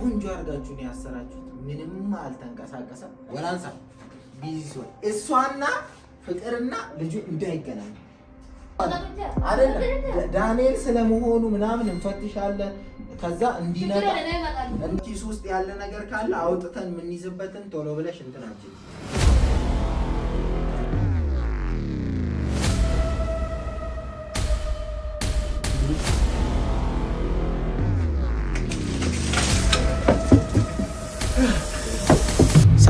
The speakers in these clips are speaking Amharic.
ቆንጆ አድርጋችሁ ነው ያሰራችሁት። ምንም አልተንቀሳቀሰ ወላንሳ ቢዚ ሲሆን እሷና ፍቅርና ልጁ እንዳይገናኝ እንዳይገናኙ ዳንኤል ስለመሆኑ ምናምን እንፈትሻለን። ከዛ እንዲነቃ ኪስ ውስጥ ያለ ነገር ካለ አውጥተን የምንይዝበትን ቶሎ ብለሽ እንትናችን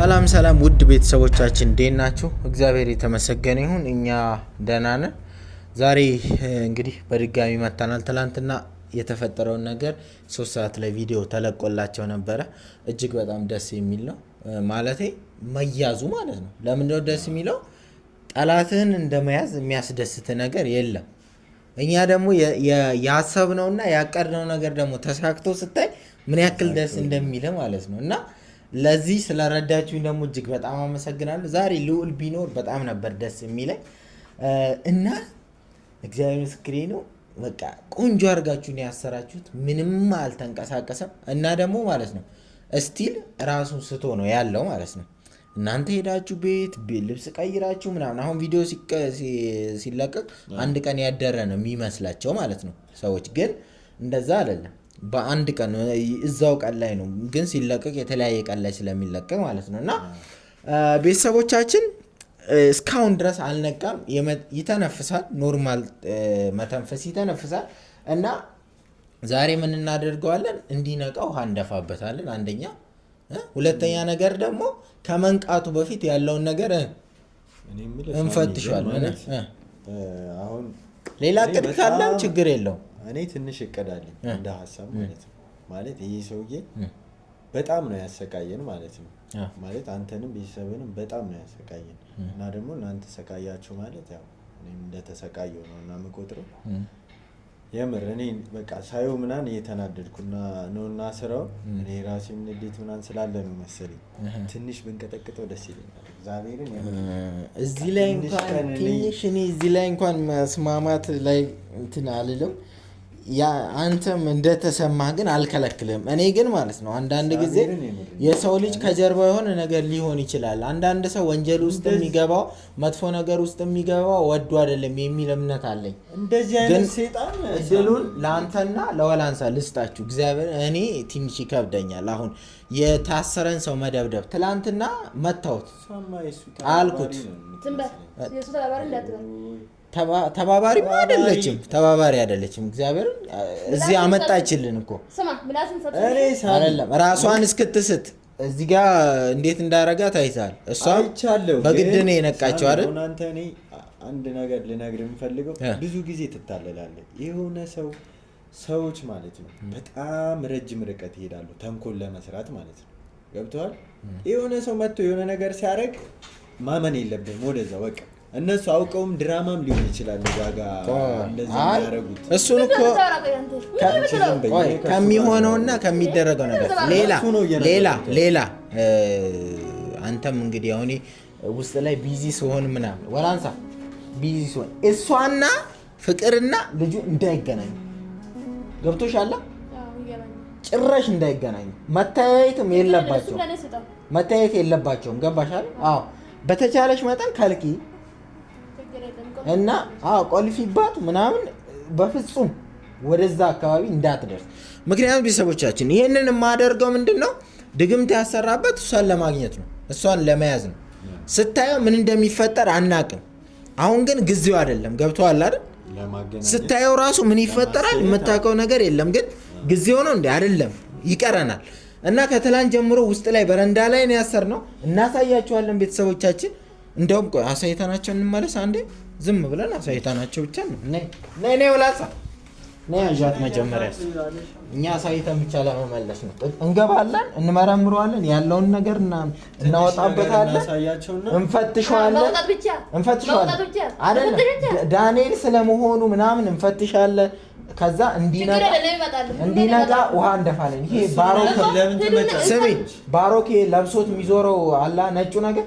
ሰላም ሰላም ውድ ቤተሰቦቻችን እንዴት ናችሁ? እግዚአብሔር የተመሰገነ ይሁን እኛ ደህና ነን። ዛሬ እንግዲህ በድጋሚ መጥተናል። ትናንትና የተፈጠረውን ነገር ሶስት ሰዓት ላይ ቪዲዮ ተለቆላቸው ነበረ። እጅግ በጣም ደስ የሚል ነው ማለቴ መያዙ ማለት ነው። ለምንድነው ደስ የሚለው? ጠላትህን እንደመያዝ የሚያስደስት ነገር የለም። እኛ ደግሞ ያሰብነውና ያቀድነው ነገር ደግሞ ተሳክቶ ስታይ ምን ያክል ደስ እንደሚል ማለት ነው እና ለዚህ ስለረዳችሁኝ ደግሞ እጅግ በጣም አመሰግናለሁ። ዛሬ ልዑል ቢኖር በጣም ነበር ደስ የሚለኝ እና እግዚአብሔር ምስክሬ ነው። በቃ ቆንጆ አድርጋችሁ ነው ያሰራችሁት። ምንም አልተንቀሳቀሰም እና ደግሞ ማለት ነው እስቲል ራሱን ስቶ ነው ያለው ማለት ነው። እናንተ ሄዳችሁ ቤት ልብስ ቀይራችሁ ምናምን። አሁን ቪዲዮ ሲለቀቅ አንድ ቀን ያደረ ነው የሚመስላቸው ማለት ነው ሰዎች፣ ግን እንደዛ አይደለም። በአንድ ቀን እዛው ቀን ላይ ነው፣ ግን ሲለቀቅ የተለያየ ቀን ላይ ስለሚለቀቅ ማለት ነው። እና ቤተሰቦቻችን እስካሁን ድረስ አልነቃም። ይተነፍሳል፣ ኖርማል መተንፈስ ይተነፍሳል። እና ዛሬ ምን እናደርገዋለን? እንዲነቃ ውሃ እንደፋበታለን። አንደኛ። ሁለተኛ ነገር ደግሞ ከመንቃቱ በፊት ያለውን ነገር እንፈትሻል አሁን ሌላ ቅድ ካለም ችግር የለውም። እኔ ትንሽ እቀዳለኝ እንደ ሀሳብ ማለት ነው። ማለት ይህ ሰውዬ በጣም ነው ያሰቃየን ማለት ነው። ማለት አንተንም ቤተሰብንም በጣም ነው ያሰቃየን እና ደግሞ እናንተ ሰቃያችሁ ማለት ያው እኔም እንደተሰቃየው ነው እና የምቆጥረው የምር እኔ በቃ ሳየው ምናን እየተናደድኩ እና ነው እና ስራው እኔ ራሴን ንዴት ምናን ስላለ ነው መሰለኝ ትንሽ ብንቀጠቅጠው ደስ ይለኛል። እግዚአብሔርን እዚህ ላይ እንኳን ትንሽ እኔ እዚህ ላይ እንኳን መስማማት ላይ እንትን አልልም አንተም እንደተሰማህ ግን አልከለክልም። እኔ ግን ማለት ነው አንዳንድ ጊዜ የሰው ልጅ ከጀርባ የሆነ ነገር ሊሆን ይችላል። አንዳንድ ሰው ወንጀል ውስጥ የሚገባው መጥፎ ነገር ውስጥ የሚገባው ወዶ አይደለም የሚል እምነት አለኝ። ግን እድሉን ለአንተና ለወላንሳ ልስጣችሁ እግዚአብሔር። እኔ ትንሽ ይከብደኛል አሁን የታሰረን ሰው መደብደብ። ትላንትና መታሁት አልኩት ተባባሪ አይደለችም፣ ተባባሪ አይደለችም። እግዚአብሔር እዚህ አመጣችልን እኮ አይደለም ራሷን እስክትስት እዚህ ጋ እንዴት እንዳረጋ ታይታል እሷም በግድ ነው የነቃቸው አይደል? እናንተ እኔ አንድ ነገር ልነግር የምፈልገው ብዙ ጊዜ ትታለላለህ። የሆነ ሰው ሰዎች ማለት ነው በጣም ረጅም ርቀት ይሄዳሉ ተንኮል ለመስራት ማለት ነው። ገብተዋል። የሆነ ሰው መጥቶ የሆነ ነገር ሲያደርግ ማመን የለብህም ወደዛ በቃ እነሱ አውቀውም ድራማም ሊሆን ይችላል። እሱን እኮ ከሚሆነውና ከሚደረገው ነገር ሌላ ሌላ ሌላ አንተም እንግዲህ አሁን ውስጥ ላይ ቢዚ ሲሆን ምናምን ወላንሳ ቢዚ ሲሆን እሷና ፍቅርና ልጁ እንዳይገናኙ ገብቶሻል። ጭራሽ እንዳይገናኙ መተያየትም የለባቸውም መተያየት የለባቸውም። ገባሻል? አዎ በተቻለሽ መጠን ከልኪ እና አዎ ቆልፊባት ምናምን በፍጹም ወደዛ አካባቢ እንዳትደርስ። ምክንያቱም ቤተሰቦቻችን ይህንን የማደርገው ምንድን ነው ድግምት ያሰራበት እሷን ለማግኘት ነው፣ እሷን ለመያዝ ነው። ስታየው ምን እንደሚፈጠር አናቅም። አሁን ግን ጊዜው አይደለም። ገብቶሃል አይደል? ስታየው ራሱ ምን ይፈጠራል የምታውቀው ነገር የለም። ግን ጊዜው ነው እንዲ አይደለም፣ ይቀረናል። እና ከትላንት ጀምሮ ውስጥ ላይ በረንዳ ላይ ነው ነው። እናሳያችኋለን ቤተሰቦቻችን እንደውም ቆይ አሳይተናቸው እንመለስ። አንዴ ዝም ብለን አሳይተናቸው ብቻ ነው። ነይ ነይ ውላሳ ነይ ያዣት መጀመሪያ እኛ አሳይተን ብቻ ለመመለስ ነው። እንገባለን፣ እንመረምረዋለን፣ ያለውን ነገር እናወጣበታለን፣ እንፈትሸዋለን እንፈትሸዋለን አይደለም ዳንኤል ስለመሆኑ ምናምን እንፈትሻለን። ከዛ እንዲነቃ ውሃ እንደፋለን። ይሄ ባሮክ ስሚ፣ ባሮክ ለብሶት የሚዞረው አላ ነጩ ነገር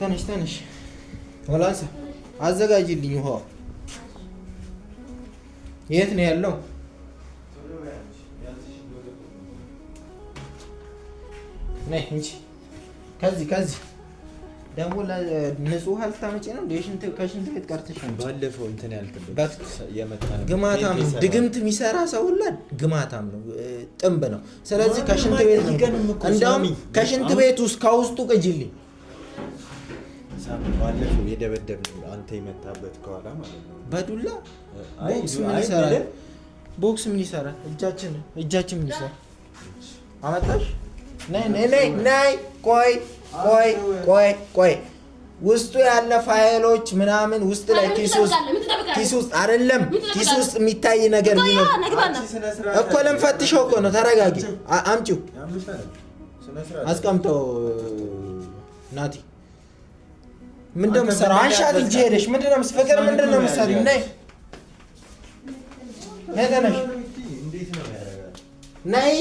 ተነሽ ተነሽ፣ ወላንሳ አዘጋጅልኝ ውሃ። የት ነው ያለው? ነይ እንጂ ከዚህ ከዚህ ደግሞ ንጹህ አልታመጪ ነው። ሽንት ከሽንት ቤት ቀርተሽ ነው። ባለፈው እንትን ያልክበት ግማታም ድግምት የሚሰራ ሰው ሁላ ግማታም ነው፣ ጥንብ ነው። ስለዚህ ከሽንት ቤት እንደውም ከሽንት ቤት ውስጥ ከውስጡ ቅጅልኝ ባለፈው የደበደብን አንተ የመታበት ከኋላ ማለት ነው። በዱላ ቦክስ ምን ይሰራል? ቦክስ ምን ይሰራል? እጃችን እጃችን ምን ይሰራል? አመጣሽ? ነይ ነይ ነይ። ቆይ ቆይ ቆይ ቆይ ውስጡ ያለ ፋይሎች ምናምን ውስጥ ላይ ኪስ ውስጥ ኪስ ውስጥ አይደለም፣ ኪስ ውስጥ የሚታይ ነገር ቢኖር እኮ ለምፈትሸው እኮ ነው። ተረጋጊ፣ አምጪው፣ አስቀምጠው ናቲ ምንድነው የምትሰራው? አንሻት እንጂ ሄደሽ ምንድነው ምስ ፍቅር ምንድነው የምትሰሪው? ነይ ነጠነሽ ነይ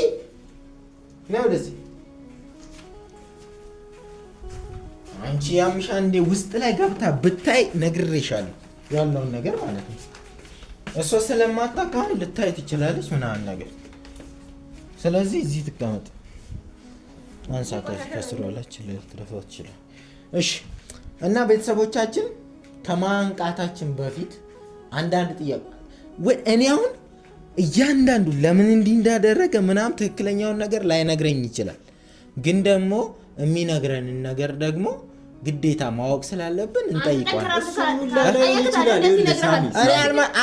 ነይ ወደዚህ። አንቺ ያምሻ እንዴ ውስጥ ላይ ገብታ ብታይ ነግሬሻለሁ፣ ያለውን ነገር ማለት ነው። እሷ ስለማታውቅ አሁን ልታይ ትችላለች ምናምን ነገር። ስለዚህ እዚህ ትቀመጥ አንሳታ ከስሯላች ልትረፋ ትችላል። እሺ እና ቤተሰቦቻችን ከማንቃታችን በፊት አንዳንድ ጥያቄ እኔ አሁን እያንዳንዱ ለምን እንዲህ እንዳደረገ ምናምን ትክክለኛውን ነገር ላይነግረኝ ይችላል። ግን ደግሞ የሚነግረንን ነገር ደግሞ ግዴታ ማወቅ ስላለብን እንጠይቀዋለን።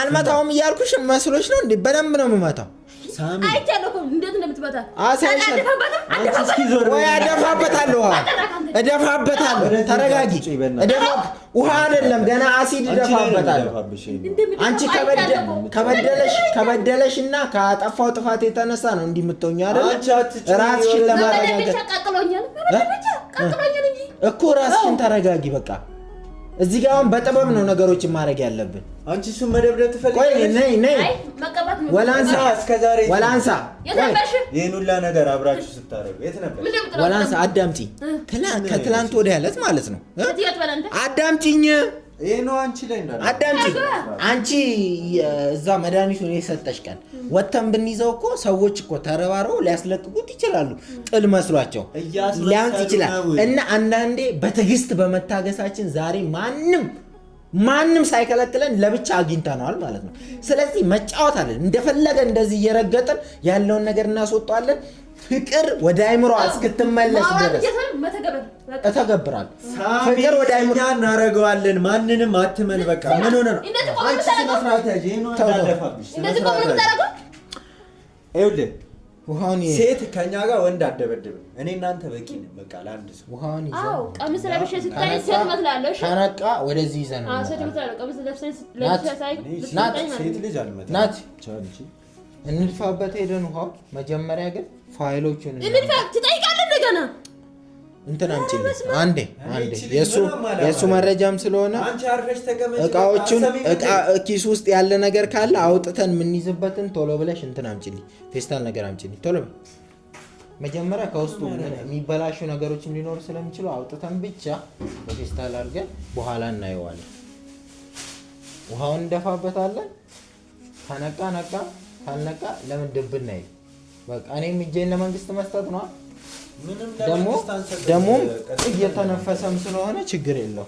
አልመታውም እያልኩሽ መስሎች ነው እንዴ? በደንብ ነው የምመታው። ሳሚ አይቻለሁ እደፋበታለሁ። ተረጋጊ። ውሃ አይደለም ገና አሲድ እደፋበታለሁ። አንቺ ከበደለሽ እና ከአጠፋው ጥፋት የተነሳ ነው እንዲህ የምትሆኚው አይደል? ራስሽን ለማረጋገጥ እኮ ራስሽን ተረጋጊ በቃ እዚህ ጋር አሁን በጥበብ ነው ነገሮችን ማድረግ ያለብን። አንቺ እሱን መደብደብ ትፈልጊያለሽ? ነይ ወላንሳ፣ ይህን ሁላ ነገር አብራችሁ ስታደርጉ የት ነበር? ወላንሳ አዳምጪ፣ ከትላንት ወዲያ ዕለት ማለት ነው። አዳምጪኝ ይሄ ነው አንቺ ላይ እንዳለ አዳምጪ። አንቺ እዛ መድኃኒቱ ነው የሰጠሽ ቀን ወተን ብንይዘው እኮ ሰዎች እኮ ተረባረው ሊያስለቅቁት ይችላሉ። ጥል መስሏቸው ሊያንስ ይችላል። እና አንዳንዴ በትዕግስት በመታገሳችን ዛሬ ማንም ማንም ሳይከለክለን ለብቻ አግኝተነዋል ማለት ነው። ስለዚህ መጫወት አለን እንደፈለገ እንደዚህ እየረገጥን ያለውን ነገር እናስወጣለን። ፍቅር ወደ አይምሮ እስክትመለስ ድረስ እተገብራል። ፍቅር ወደ አይምሮ እናደርገዋለን። ማንንም አትመን። በቃ ምን ሆነ ነው? አንቺ ይኸውልህ ሴት ከኛ ጋር ወንድ አደበድብም። እኔ እናንተ በቂ ነን። በቃ ለአንድ ሰው ውሃን ቀሚስ ለብሼ ስታይ ሴት እመስላለሁ። ሸነቃ ወደዚህ ይዘን ሴት ልጅ አልመጣም። ናት እንልፋበት ሄደን ውሃ መጀመሪያ ግን ፋይሎቹን ትጠይቃለህ እንደገና እንትን አምጪ አንዴ አንዴ የእሱ መረጃም ስለሆነ እቃዎቹን ኪስ ውስጥ ያለ ነገር ካለ አውጥተን የምንይዝበትን ቶሎ ብለሽ እንትን አምጪልኝ፣ ፌስታል ነገር አምጪልኝ ቶሎ። መጀመሪያ ከውስጡ የሚበላሹ ነገሮችም ሊኖሩ ስለሚችሉ አውጥተን ብቻ በፌስታል አድርገን በኋላ እናየዋለን። ውሃውን እንደፋበታለን። ከነቃ ነቃ፣ ካልነቃ ለምን ድብና በቃ እኔም እጄን ለመንግስት መስጠት ነው። ደግሞም እየተነፈሰም ስለሆነ ችግር የለው።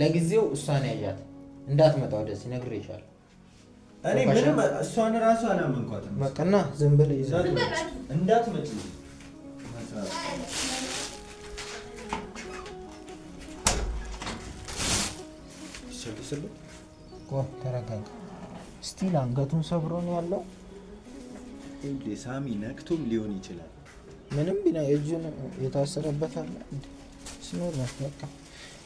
ለጊዜው እሷን ያያት እንዳትመጣ ወደዚህ ነግሬሻለሁ። እኔ ምንም እሷን ራሱ አላመንኳትም። በቃና ዝም ብለህ ይዘህ እንዳትመጪ ተረጋጋ። ስቲል አንገቱን ሰብሮ ነው ያለው። ሳሚ ነክቶም ሊሆን ይችላል። ምንም ቢና እጁን የታሰረበት አለ ስኖር በቃ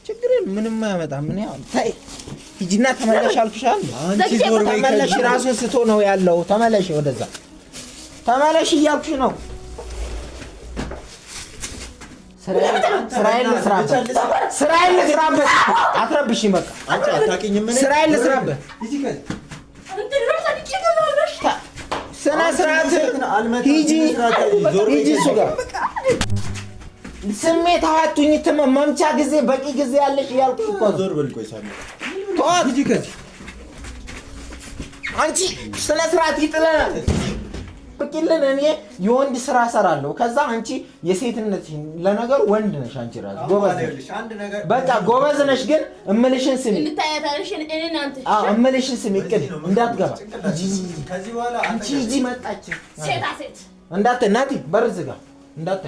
ችግርን ምንም አያመጣም። ምን ያው ታይ ሂጂና ተመለሽ አልኩሻል። አንቺ ዞር በይ። ተመለሽ ራስን ስቶ ነው ያለው። ተመለሽ፣ ወደዛ ተመለሽ እያልኩሽ ነው ስራዬን ልስራበት። አትረብሽኝ። በቃ ስራዬን ልስራበት። ስነ ስርዓት ሂጂ፣ እሱ ጋር ስሜት አዋቱኝ። መምቻ ጊዜ በቂ ጊዜ ያለሽ እያልኩሽ እኮ አንቺ ስነ ስርዓት ይጥለናል ብቅልን እኔ የወንድ ስራ ሰራለሁ። ከዛ አንቺ የሴትነት ለነገር ወንድ ነሽ። አንቺ ራስ ጎበዝ ነሽ፣ በቃ ጎበዝ ነሽ። ግን እምልሽን ስሚ፣ እምልሽን ስሚ። እቅድ እንዳትገባ አንቺ ሂጂ። መጣች ሴት እንዳት ናቲ በር ዝጋ እንዳት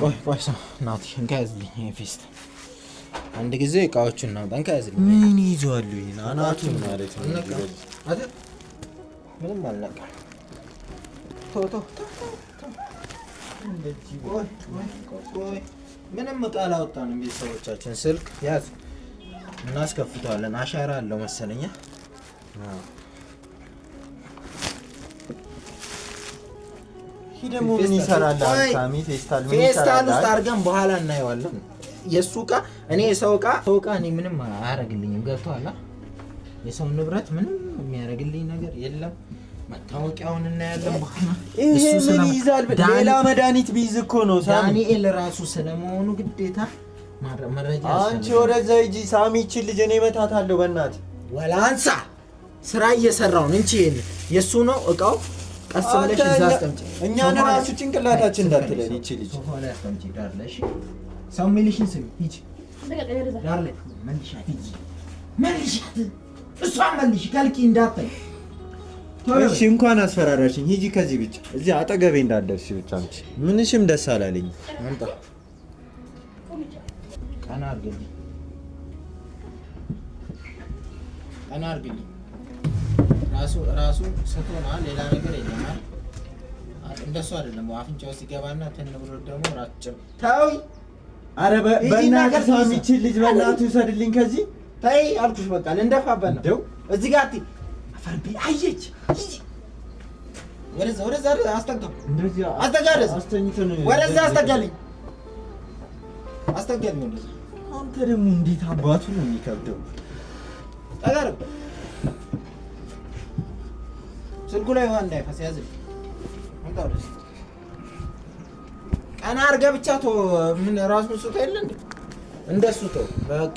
ቆይ ቆይ ሰው ናቲ እንካ ያዝልኝ ፌስት አንድ ጊዜ እቃዎቹን እናውጣን። ከያዝ ምን ይዟሉ? አናቱን ማለት ነው። ምንም አልነቃም። ምንም እቃ አላወጣንም። ቤተሰቦቻችን ስልክ ያዝ እናስከፍተዋለን። አሻራ አለው መሰለኛ ይህ ደግሞ ምን ይሰራል? ፌስታል ውስጥ አድርገን በኋላ እናየዋለን። የእሱ እቃ እኔ የሰው እቃ ሰው እቃ እኔ ምንም አያረግልኝም። ገብቶሃል? የሰው ንብረት ምንም የሚያደርግልኝ ነገር የለም። መታወቂያውን እናያለን በኋላ። ሌላ መድኃኒት ቢይዝ እኮ ነው ዳንኤል ራሱ ስለመሆኑ ግዴታ መረጃ። አንቺ ወደዛ ሂጂ ሳሚ፣ ይችን ልጅ እኔ እመታታለሁ። በእናት ወላንሳ ስራ እየሰራው ነው። እንቺ ይህን የእሱ ነው እቃው። ቀስ ብለሽ እዛ አስቀምጪ። እኛን ራሱ ጭንቅላታችን እንዳትለን ይቺ ልጅ ሆነ ዳርለሽ ሰው የሚልሽን ስሚ። ሂጂ ዳር ላይ መልሻት፣ ሂጂ መልሻት፣ እሷን መልሽ ከልኪ እንዳታይ። እሺ እንኳን አስፈራራሽኝ። ሂጂ ከዚህ ብቻ እዚህ አጠገቤ እንዳደርሽ ብቻ። አንቺ ምንሽም ደስ አላለኝ። አንጣ ቀና አድርገልኝ፣ ቀና አድርገልኝ። ራሱ ራሱ ስትሆና ሌላ ነገር የለም እንደሱ አይደለም። አፍንጫው ሲገባና ትንብሮ ትን ብሎ ደግሞ ራጭም ተው አረ በእናት የሚችል ልጅ በእናቱ ይውሰድልኝ ከዚህ ተይ አልኩሽ። በቃ ልንደፋበት ነው እዚህ ጋር አፈርቤ አየች። ወደዛ ወደዛ አስጠጋው፣ አስጠጋ፣ ወደዛ አስጠጋልኝ፣ አስጠጋልኝ። ወደዛ አንተ ደግሞ እንዴት አባቱ ነው የሚከብደው። ጠጋር ስልኩ ላይ ውሃ እንዳይፈስ ያዝልኝ። ቀና አድርገህ ብቻ ቶ ምን ራሱ ሱቶ የለ እንዴ? እንደሱ ቶ በቃ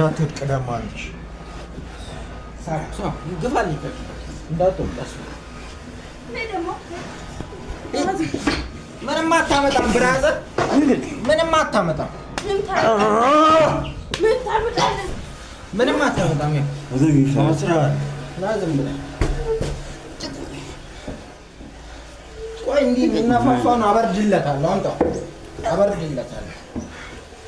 እናንተ ትቀደማለች። ምንም አታመጣም፣ ብራዘር ምንም አታመጣም፣ ምንም አታመጣም። ቆይ እንዲህ የሚነፋፋውን አበርድለታለሁ፣ አበርድለታለሁ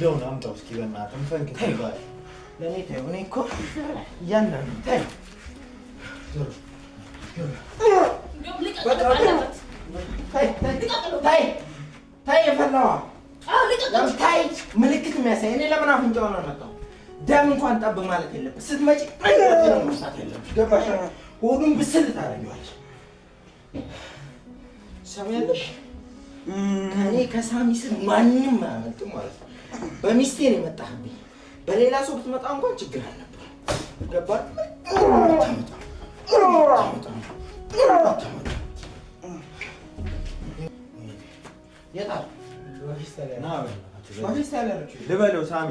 ለውን አምጣው እስኪ በእናትህ እንፈንክ ይባል ለእኔ ተይው። እኔ እኮ እያንዳንዱ ታይ የፈላዋ ታይ ምልክት የሚያሳይ እኔ ለምን አፍንጫውን አልፈታሁም? ደም እንኳን ጠብ ማለት የለብህ። ስትመጪ መሳት የለብሽ። ገባሽ? ሆዱን ብስል ታደርጊዋለሽ። ሰሚያለሽ? ከእኔ ከሳሚ ስል ማንም አያመልጥም ማለት ነው። በሚስቴ ነው የመጣህብኝ። በሌላ ሰው ብትመጣ እንኳን ችግር አልነበረ። ልበለው ሳሚ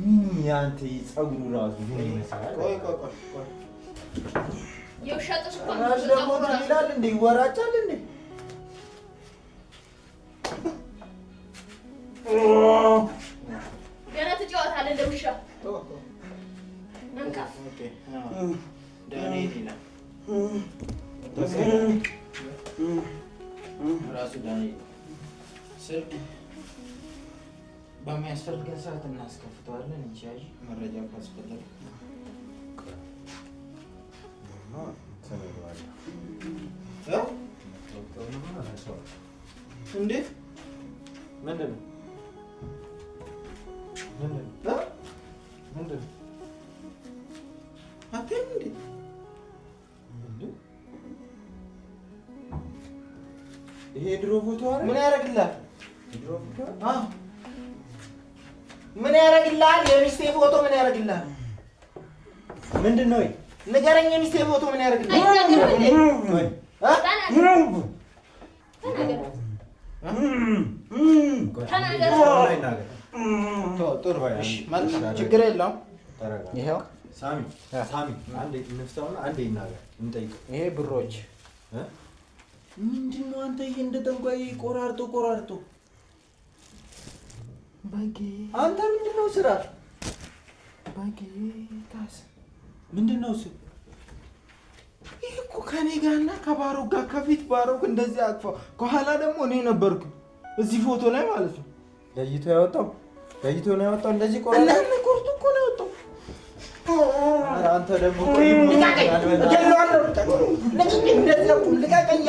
ምን ያንተ ጸጉሩ ራሱ ምን ይመስላል? ቆይ ቆይ ቆይ ይላል ይወራጫል እንዴ ሰዓት እናስከፍተዋለን እንጂ መረጃ ካስፈለገ እንዴት ምንድን ነው ምንድን ነው አትሄድም እንዴት ይሄ ድሮ ፎቶ ምን ምን ያደርግልሃል? የሚስቴ ፎቶ ምን ያደርግልሃል? ምንድን ነው ንገረኝ። የሚስቴ ፎቶ ምን ያደርግልሃል? ችግር የለውም። ይኸው ሳሚ ሳሚ አንዴ እንፍታውና አንዴ ይናገር እንጠይቀው። ይሄ ብሮች ምንድን ነው አንተ? ይሄ እንደ ጠንቋይ ቆራርጦ ቆራርጦ አንተ ምንድን ነው ስራ? በጌታስ ምንድን ነው ስ ይህ እኮ ከኔ ጋርና እና ከባሮክ ጋር ከፊት ባሮክ እንደዚህ አቅፋ ከኋላ ደግሞ እኔ ነበርኩ እዚህ ፎቶ ላይ ማለት ነው። ለይቶ ያወጣው ለይቶ ነው ያወጣው። እንደዚህ ቆ እናን ኮርቱ እኮ ነው ያወጣው። አንተ ደግሞ ልቀቀኝ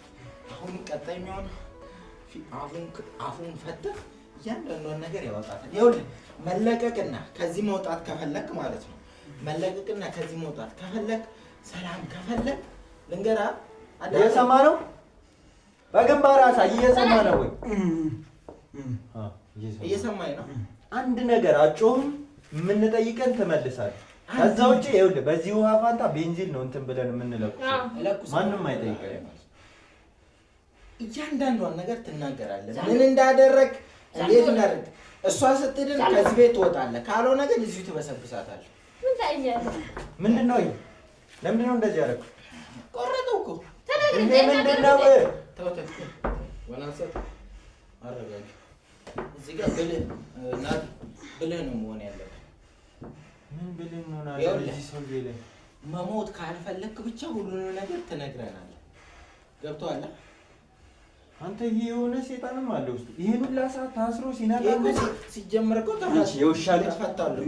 አሁን ቀጣይ የሚሆን አፉን ፈተህ እያንዳንዷን ነገር ያወጣታል። ይኸውልህ መለቀቅና ከዚህ መውጣት ከፈለክ ማለት ነው መለቀቅና ከዚህ መውጣት ከፈለክ ሰላም ከፈለክ ልንገራ እየሰማ ነው። በግንባር አሳይ። እየሰማ ነው ወይ? እየሰማኝ ነው። አንድ ነገር አጮህም የምንጠይቀን ትመልሳለህ። ከዛ ውጭ ይኸውልህ በዚህ ውሃ ፋንታ ቤንዚን ነው እንትን ብለን የምንለቁ ማንም አይጠይቀን። እያንዳንዷን ነገር ትናገራለህ። ምን እንዳደረግ እንዴት እንዳደረግ እሷ ስትድን ከዚህ ቤት ትወጣለህ፣ ካልሆነ ግን እዚሁ ትበሰብሳታለህ። ምንድን ነው? ለምንድን ነው እንደዚህ ያደረግ? ቆረጠው እኮ ምንድን ነው? እዚህ ጋር ብልህ ነው መሆን ያለብህ። ምን ብልህ እንሆናለን? መሞት ካልፈለክ ብቻ ሁሉንም ነገር ትነግረናለህ። ገብቶሃል? አንተ የሆነ ሴጣንም አለ ውስጥ ይሄን ሁላ ሰዓት ታስሮ ሲናጣ ሲጀመር እኮ ተፋታሉ።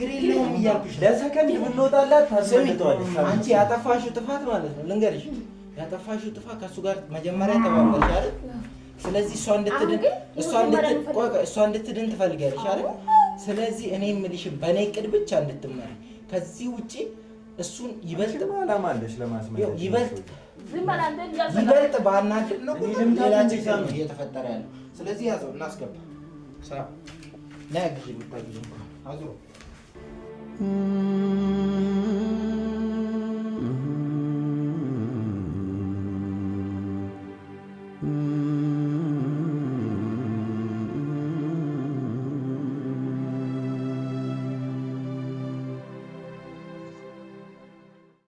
ችግር የለውም እያልኩሽ ለሰከንድ ብንወጣላት አንቺ ያጠፋሽው ጥፋት ማለት ነው ልንገርሽ፣ ያጠፋሽው ጥፋት ከእሱ ጋር መጀመሪያ አይደል? ስለዚህ እሷ እንድትድን እሷ እንድትድን አይደል? ስለዚህ እኔ የምልሽን በእኔ ቅድ ብቻ እንድትመሪ ከዚህ ውጪ እሱን ይበልጥ ለማስመለስ ይበልጥ ይበልጥ ነው ሌላ ችግር ነው እየተፈጠረ ያለው። ስለዚህ ያዘው እናስገባ ና ያግዥ ብታግዥ እንኳን አዙሮ Mm-hmm.